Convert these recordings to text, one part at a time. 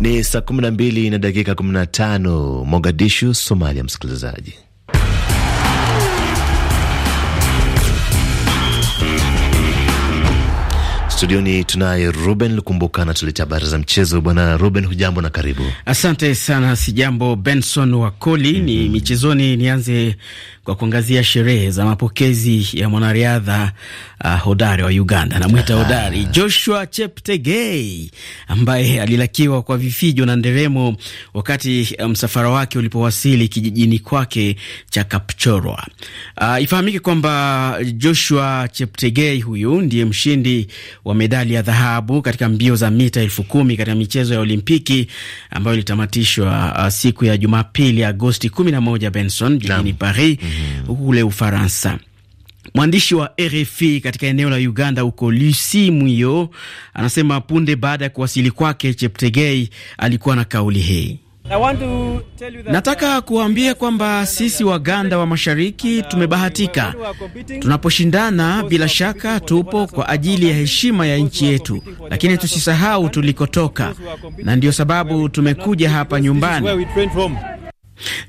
Ni saa 12 na dakika 15 Mogadishu, Somalia. Msikilizaji, studioni tunaye Ruben Lukumbuka anatuletea habari za mchezo. Bwana Ruben, hujambo na karibu. Asante sana. Sijambo Benson Wakoli. mm -hmm. Ni mhm. michezoni, nianze kwa kuangazia sherehe za mapokezi ya mwanariadha uh, hodari wa Uganda, namwita hodari Joshua Cheptegei ambaye alilakiwa kwa vifijo na nderemo wakati um, msafara um, wake ulipowasili kijijini kwake cha Kapchorwa. Uh, ifahamike kwamba Joshua Cheptegei huyu ndiye mshindi wa medali ya dhahabu katika mbio za mita elfu kumi katika michezo ya Olimpiki ambayo ilitamatishwa uh, siku ya Jumapili Agosti 11 Benson jijini Paris mm. -hmm kule Ufaransa. Mwandishi wa RFI katika eneo la Uganda huko Lusi Mwiyo anasema punde baada ya kuwasili kwake Cheptegei alikuwa na kauli hii. Nataka kuwaambia kwamba sisi Waganda wa mashariki tumebahatika. Tunaposhindana, bila shaka tupo kwa ajili ya heshima ya nchi yetu, lakini tusisahau tulikotoka, na ndio sababu tumekuja hapa nyumbani.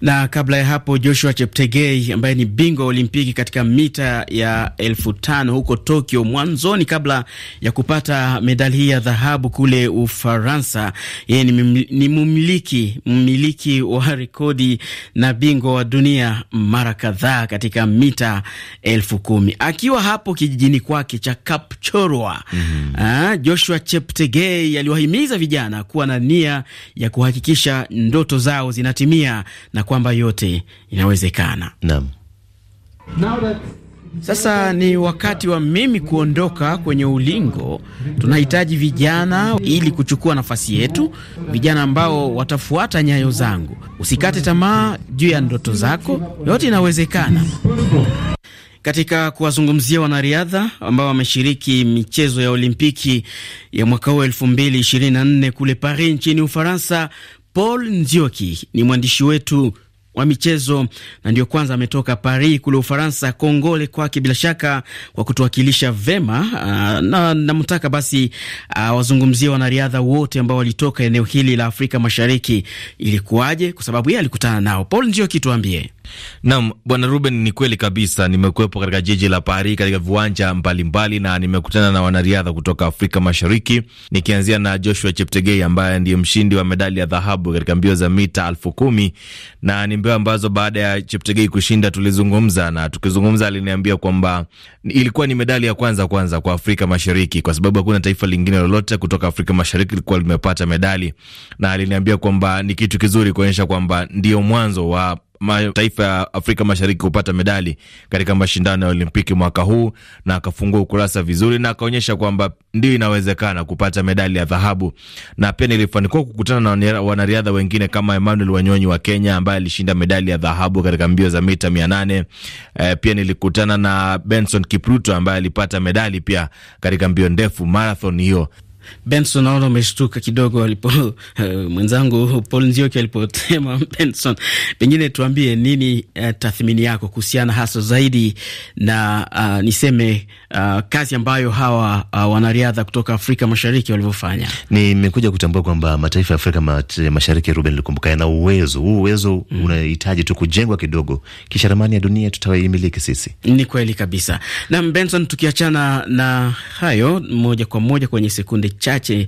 Na kabla ya hapo Joshua Cheptegei ambaye ni bingwa wa Olimpiki katika mita ya elfu tano huko Tokyo mwanzoni, kabla ya kupata medali hii ya dhahabu kule Ufaransa, yeye ni mmiliki mmiliki wa rekodi na bingwa wa dunia mara kadhaa katika mita elfu kumi akiwa hapo kijijini kwake cha Kapchorwa. mm -hmm. Joshua Cheptegei aliwahimiza vijana kuwa na nia ya kuhakikisha ndoto zao zinatimia na kwamba yote inawezekana. Naam. Sasa ni wakati wa mimi kuondoka kwenye ulingo. Tunahitaji vijana ili kuchukua nafasi yetu, vijana ambao watafuata nyayo zangu. Usikate tamaa juu ya ndoto zako, yote inawezekana. Katika kuwazungumzia wanariadha ambao wameshiriki michezo ya Olimpiki ya mwaka huu 224 kule Paris nchini Ufaransa, Paul Nzioki ni mwandishi wetu wa michezo na ndio kwanza ametoka Paris kule Ufaransa. Kongole kwake bila shaka kwa kutuwakilisha vema, ah, na namtaka basi ah, wazungumzie wanariadha wote ambao walitoka eneo hili la Afrika Mashariki. Ilikuwaje? Kwa sababu yeye alikutana nao. Paul Nzioki, tuambie. Naam, Bwana Ruben, ni kweli kabisa. Nimekuwepo katika jiji la Paris katika viwanja mbalimbali na nimekutana na wanariadha kutoka Afrika Mashariki, nikianzia na Joshua Cheptegei ambaye ndiye mshindi wa medali ya dhahabu katika mbio za mita elfu kumi na ni mbio ambazo baada ya Cheptegei kushinda tulizungumza, na tukizungumza aliniambia kwamba ilikuwa ni medali ya kwanza kwanza kwa Afrika Mashariki kwa sababu hakuna taifa lingine lolote kutoka Afrika Mashariki lilikuwa limepata medali, na aliniambia kwamba ni kitu kizuri kuonyesha kwamba ndio mwanzo wa mataifa ya Afrika Mashariki kupata medali katika mashindano ya Olimpiki mwaka huu, na akafungua ukurasa vizuri na akaonyesha kwamba ndio inawezekana kupata medali ya dhahabu. Na pia nilifanikiwa kukutana na wanariadha wengine kama Emmanuel Wanyonyi wa Kenya ambaye alishinda medali ya dhahabu katika mbio za mita mia nane. E, pia nilikutana na Benson Kipruto ambaye alipata medali pia katika mbio ndefu marathon hiyo. Benson naona umeshtuka kidogo alipo uh, mwenzangu Paul Nzioki alipotema Benson, pengine tuambie nini uh, tathmini yako kuhusiana hasa zaidi na uh, niseme uh, kazi ambayo hawa uh, wanariadha kutoka Afrika Mashariki walivyofanya. Nimekuja kutambua kwamba mataifa ya Afrika Mashariki, Ruben likumbuka yana uwezo huu. Uwezo mm, unahitaji tu kujengwa kidogo, kisha ramani ya dunia tutaimiliki sisi. Ni kweli kabisa. Nam Benson, tukiachana na hayo moja kwa moja kwenye sekunde chache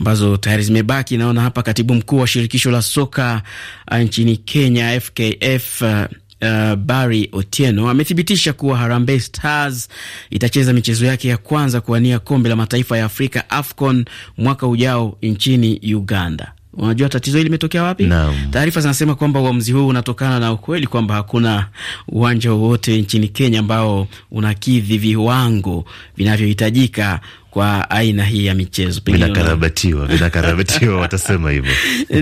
ambazo tayari zimebaki, naona hapa katibu mkuu wa shirikisho la soka uh, nchini Kenya FKF uh, uh, Barry Otieno amethibitisha kuwa Harambee Stars itacheza michezo yake ya kwanza kuwania kombe la mataifa ya Afrika AFCON mwaka ujao nchini Uganda. Unajua tatizo hili limetokea wapi? No. Taarifa zinasema kwamba uamuzi huu unatokana na ukweli kwamba hakuna uwanja wowote nchini Kenya ambao unakidhi viwango vinavyohitajika kwa aina hii ya michezo, vinakarabatiwa vinakarabatiwa watasema hivyo.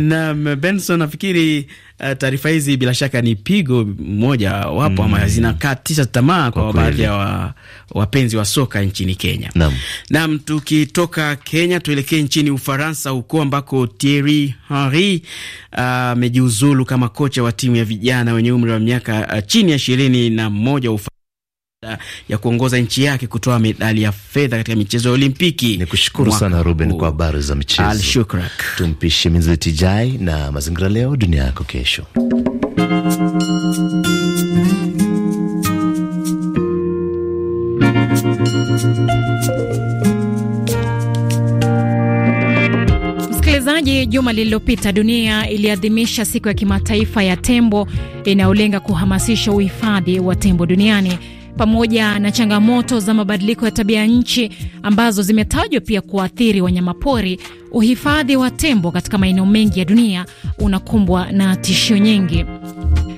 Naam, Benson, nafikiri uh, taarifa hizi bila shaka ni pigo moja wapo mm, ama zinakatisha tamaa kwa, kwa baadhi ya wa, wapenzi wa soka nchini Kenya. Naam, naam, tukitoka Kenya tuelekee nchini Ufaransa huko ambako Thierry Henry uh, amejiuzulu uh, kama kocha wa timu ya vijana wenye umri wa miaka uh, chini ya ishirini na moja ya kuongoza nchi yake kutoa medali ya fedha katika michezo ya Olimpiki. Ni kushukuru sana Ruben kwa habari za michezo. Tumpishe Minzileti Jai na mazingira leo dunia yako kesho. Msikilizaji, juma lililopita dunia iliadhimisha siku ya kimataifa ya tembo inayolenga kuhamasisha uhifadhi wa tembo duniani pamoja na changamoto za mabadiliko ya tabia nchi ambazo zimetajwa pia kuathiri wanyamapori, uhifadhi wa tembo katika maeneo mengi ya dunia unakumbwa na tishio nyingi.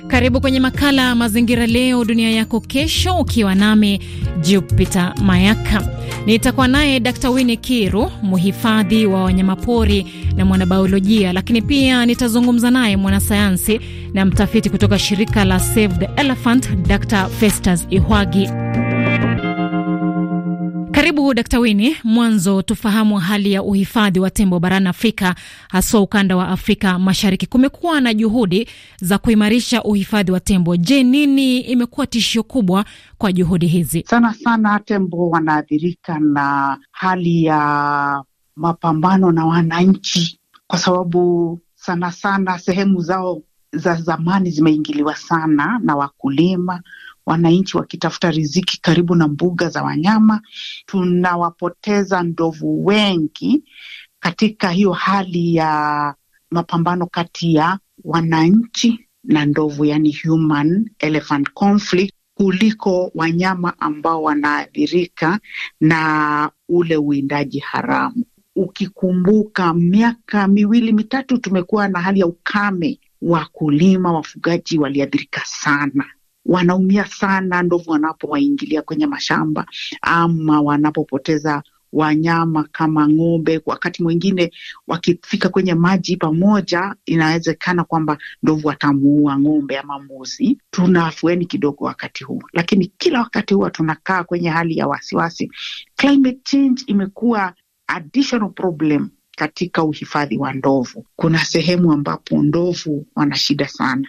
Karibu kwenye makala Mazingira Leo Dunia Yako Kesho, ukiwa nami Jupiter Mayaka. Nitakuwa naye Dr Winnie Kiru, mhifadhi wa wanyamapori na mwanabiolojia, lakini pia nitazungumza naye mwanasayansi na mtafiti kutoka shirika la Save the Elephant, Dr Festus Ihwagi. Karibu Dkt. Wini. Mwanzo tufahamu hali ya uhifadhi wa tembo barani Afrika, haswa ukanda wa Afrika Mashariki. Kumekuwa na juhudi za kuimarisha uhifadhi wa tembo. Je, nini imekuwa tishio kubwa kwa juhudi hizi? Sana sana tembo wanaathirika na hali ya mapambano na wananchi, kwa sababu sana sana sehemu zao za zamani zimeingiliwa sana na wakulima wananchi wakitafuta riziki karibu na mbuga za wanyama. Tunawapoteza ndovu wengi katika hiyo hali ya mapambano kati ya wananchi na ndovu, yani human elephant conflict, kuliko wanyama ambao wanaathirika na ule uwindaji haramu. Ukikumbuka miaka miwili mitatu, tumekuwa na hali ya ukame, wakulima wafugaji waliathirika sana wanaumia sana ndovu wanapowaingilia kwenye mashamba ama wanapopoteza wanyama kama ng'ombe. Wakati mwingine wakifika kwenye maji pamoja, inawezekana kwamba ndovu atamuua ng'ombe ama mbuzi. Tuna afueni kidogo wakati huu, lakini kila wakati huwa tunakaa kwenye hali ya wasiwasi. Climate change imekuwa additional problem katika uhifadhi wa ndovu. Kuna sehemu ambapo ndovu wana shida sana,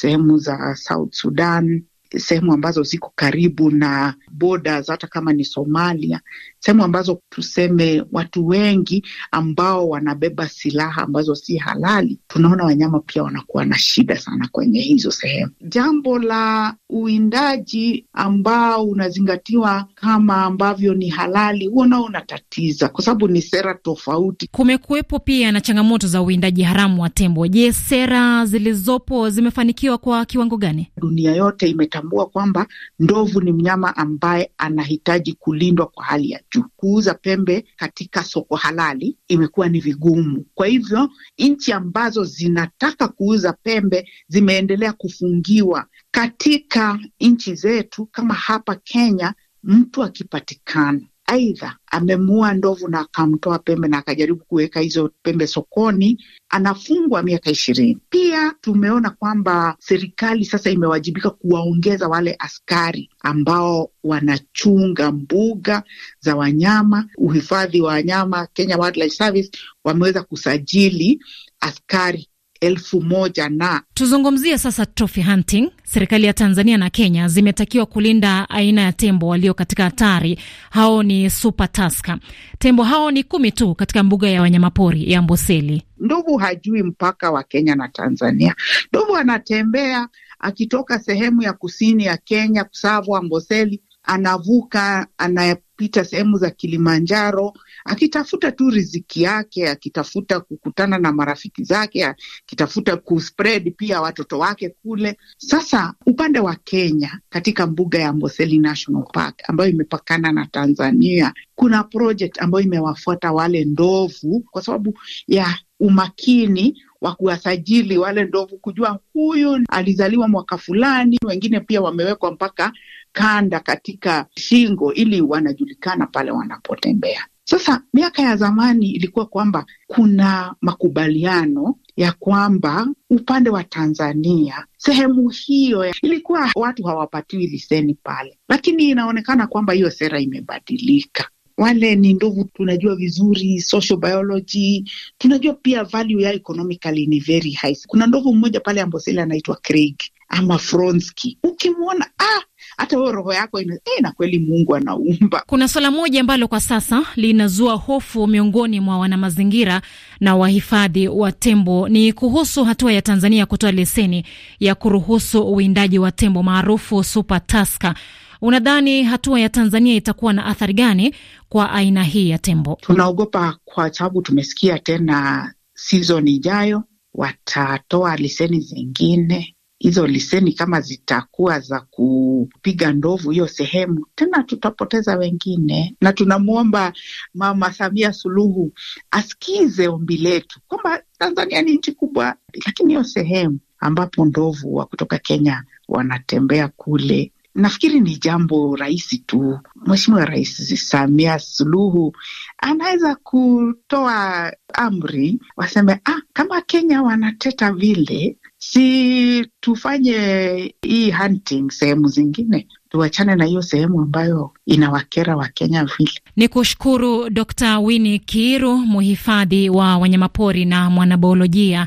sehemu za South Sudan sehemu ambazo ziko karibu na borders, hata kama ni Somalia, sehemu ambazo tuseme watu wengi ambao wanabeba silaha ambazo si halali, tunaona wanyama pia wanakuwa na shida sana kwenye hizo sehemu. Jambo la uwindaji ambao unazingatiwa kama ambavyo ni halali, huo nao unatatiza kwa sababu ni sera tofauti. Kumekuwepo pia na changamoto za uwindaji haramu wa tembo. Je, sera zilizopo zimefanikiwa kwa kiwango gani? Dunia yote ime wanatambua kwamba ndovu ni mnyama ambaye anahitaji kulindwa kwa hali ya juu. Kuuza pembe katika soko halali imekuwa ni vigumu. Kwa hivyo nchi ambazo zinataka kuuza pembe zimeendelea kufungiwa. Katika nchi zetu kama hapa Kenya, mtu akipatikana aidha amemuua ndovu na akamtoa pembe na akajaribu kuweka hizo pembe sokoni, anafungwa miaka ishirini. Pia tumeona kwamba serikali sasa imewajibika kuwaongeza wale askari ambao wanachunga mbuga za wanyama, uhifadhi wa wanyama. Kenya Wildlife Service wameweza kusajili askari elfu moja na tuzungumzie sasa trophy hunting. Serikali ya Tanzania na Kenya zimetakiwa kulinda aina ya tembo walio katika hatari. Hao ni super tusker. Tembo hao ni kumi tu katika mbuga ya wanyamapori ya Amboseli. Ndovu hajui mpaka wa Kenya na Tanzania. Ndovu anatembea akitoka sehemu ya kusini ya Kenya, Tsavo, Amboseli, anavuka anayep kupita sehemu za Kilimanjaro akitafuta tu riziki yake, akitafuta kukutana na marafiki zake, akitafuta kuspread pia watoto wake kule. Sasa upande wa Kenya, katika mbuga ya Amboseli National Park ambayo imepakana na Tanzania, kuna project ambayo imewafuata wale ndovu kwa sababu ya umakini wa kuwasajili wale ndovu, kujua huyu alizaliwa mwaka fulani. Wengine pia wamewekwa mpaka kanda katika shingo ili wanajulikana pale wanapotembea. Sasa miaka ya zamani ilikuwa kwamba kuna makubaliano ya kwamba upande wa Tanzania sehemu hiyo ilikuwa watu hawapatiwi leseni pale, lakini inaonekana kwamba hiyo sera imebadilika wale ni ndovu, tunajua vizuri social biology, tunajua pia value ya economically ni very high. Kuna ndovu mmoja pale Amboseli anaitwa Craig ama Fronski, ukimwona ah, hata huyo roho yako ina, eh, na kweli Mungu anaumba. Kuna swala moja ambalo kwa sasa linazua hofu miongoni mwa wanamazingira na wahifadhi wa tembo ni kuhusu hatua ya Tanzania kutoa leseni ya kuruhusu uwindaji wa tembo maarufu super tusker Unadhani hatua ya Tanzania itakuwa na athari gani kwa aina hii ya tembo? Tunaogopa kwa sababu tumesikia tena, sizoni ijayo watatoa leseni zingine hizo liseni kama zitakuwa za kupiga ndovu hiyo sehemu tena, tutapoteza wengine, na tunamwomba Mama Samia Suluhu asikize ombi letu kwamba Tanzania ni nchi kubwa, lakini hiyo sehemu ambapo ndovu wa kutoka Kenya wanatembea kule Nafikiri ni jambo rahisi tu. Mheshimiwa Rais Samia Suluhu anaweza kutoa amri, waseme ah, kama Kenya wanateta vile, si tufanye hii hunting sehemu zingine, tuachane na hiyo sehemu ambayo inawakera Wakenya vile. Ni kushukuru Dr Winnie kiru mhifadhi wa wanyamapori na mwanabiolojia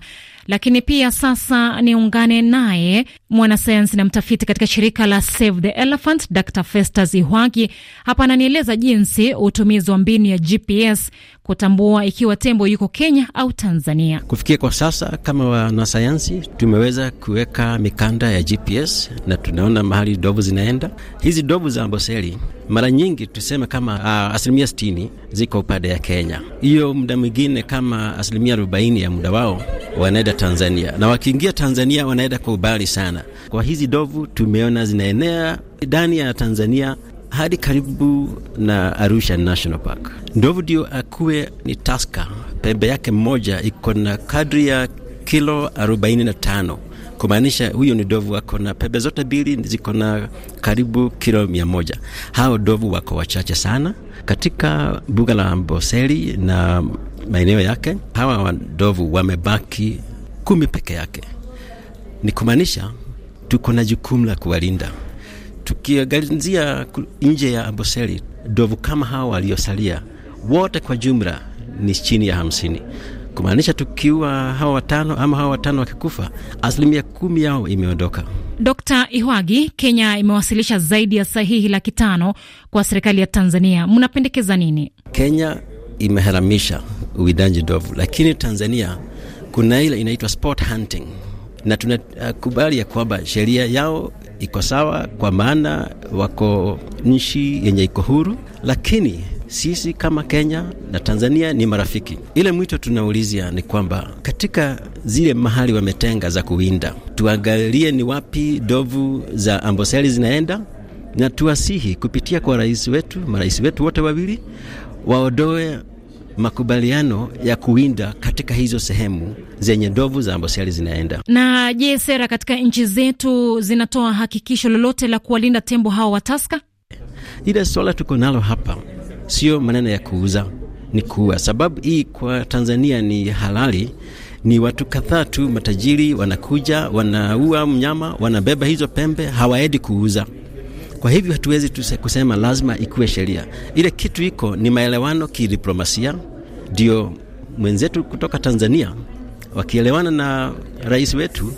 lakini pia sasa niungane naye mwanasayansi na mtafiti katika shirika la Save the Elephant, Dr Festus Ihwagi. Hapa ananieleza jinsi utumizi wa mbinu ya GPS kutambua ikiwa tembo yuko Kenya au Tanzania. Kufikia kwa sasa, kama wanasayansi tumeweza kuweka mikanda ya GPS na tunaona mahali dovu zinaenda. Hizi dovu za Amboseli mara nyingi tuseme kama uh, asilimia 60 ziko upande ya Kenya. Hiyo muda mwingine kama asilimia 40 ya muda wao wanaenda Tanzania, na wakiingia Tanzania wanaenda kwa ubali sana. Kwa hizi dovu tumeona zinaenea ndani ya Tanzania hadi karibu na Arusha National Park. Ndovu akuwe ni taska, pembe yake moja iko na kadri ya kilo 45 kumaanisha huyo ni dovu wako na pembe zote mbili ziko na karibu kilo mia moja. Hao dovu wako wachache sana katika mbuga la Amboseli na maeneo yake. Hawa wadovu wamebaki kumi peke yake, ni kumaanisha tuko na jukumu la kuwalinda. Tukiangazia nje ya Amboseli, ndovu kama hawa waliosalia wote kwa jumla ni chini ya hamsini, kumaanisha tukiwa hawa watano ama hawa watano wakikufa, asilimia kumi yao imeondoka. Dkt Ihwagi, Kenya imewasilisha zaidi ya sahihi laki tano kwa serikali ya Tanzania. Mnapendekeza nini? Kenya imeharamisha uwindaji ndovu, lakini Tanzania kuna ile inaitwa sport hunting na tunakubali ya kwamba sheria yao iko sawa, kwa maana wako nchi yenye iko huru, lakini sisi kama Kenya na Tanzania ni marafiki. Ile mwito tunaulizia ni kwamba katika zile mahali wametenga za kuwinda, tuangalie ni wapi ndovu za Amboseli zinaenda, na tuwasihi kupitia kwa rais wetu, marais wetu wote wawili waondoe makubaliano ya kuwinda katika hizo sehemu zenye ndovu za amboseli zinaenda. Na je, sera katika nchi zetu zinatoa hakikisho lolote la kuwalinda tembo hao wa Taska? Ile swala tuko nalo hapa sio maneno ya kuuza, ni kuua. Sababu hii kwa Tanzania ni halali ni watu kadhaa tu matajiri wanakuja, wanaua mnyama, wanabeba hizo pembe, hawaendi kuuza. Kwa hivyo hatuwezi kusema lazima ikuwe sheria. Ile kitu iko ni maelewano kidiplomasia, ndio mwenzetu kutoka Tanzania wakielewana na rais wetu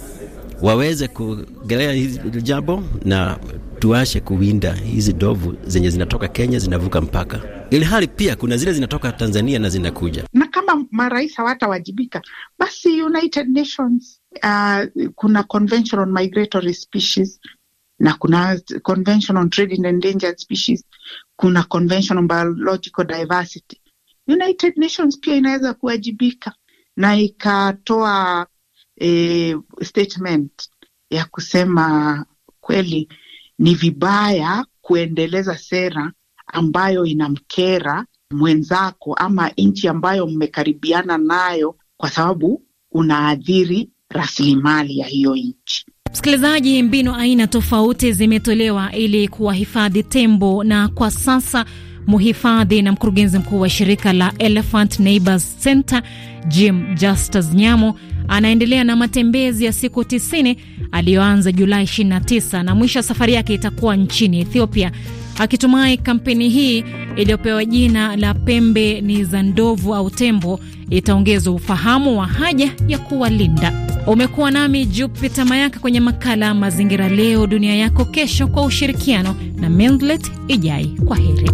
waweze kugelea hili jambo na tuache kuwinda hizi ndovu zenye zinatoka Kenya zinavuka mpaka, ili hali pia kuna zile zinatoka Tanzania na zinakuja. Na kama marais hawatawajibika, basi United Nations uh, kuna Convention on Migratory Species na kuna Convention on Trade in Endangered Species, kuna Convention on Biological Diversity. United Nations pia inaweza kuwajibika na ikatoa eh, statement ya kusema kweli ni vibaya kuendeleza sera ambayo inamkera mwenzako ama nchi ambayo mmekaribiana nayo, kwa sababu unaathiri rasilimali ya hiyo nchi. Msikilizaji, mbinu aina tofauti zimetolewa ili kuwahifadhi tembo, na kwa sasa mhifadhi na mkurugenzi mkuu wa shirika la Elephant Neighbors Center Jim Justus Nyamo anaendelea na matembezi ya siku tisini aliyoanza Julai 29 na mwisho wa safari yake itakuwa nchini Ethiopia, akitumai kampeni hii iliyopewa jina la pembe ni za ndovu au tembo itaongeza ufahamu wa haja ya kuwalinda. Umekuwa nami Jupita Mayaka kwenye makala Mazingira Leo Dunia Yako Kesho, kwa ushirikiano na mendlet Ijai. Kwa heri.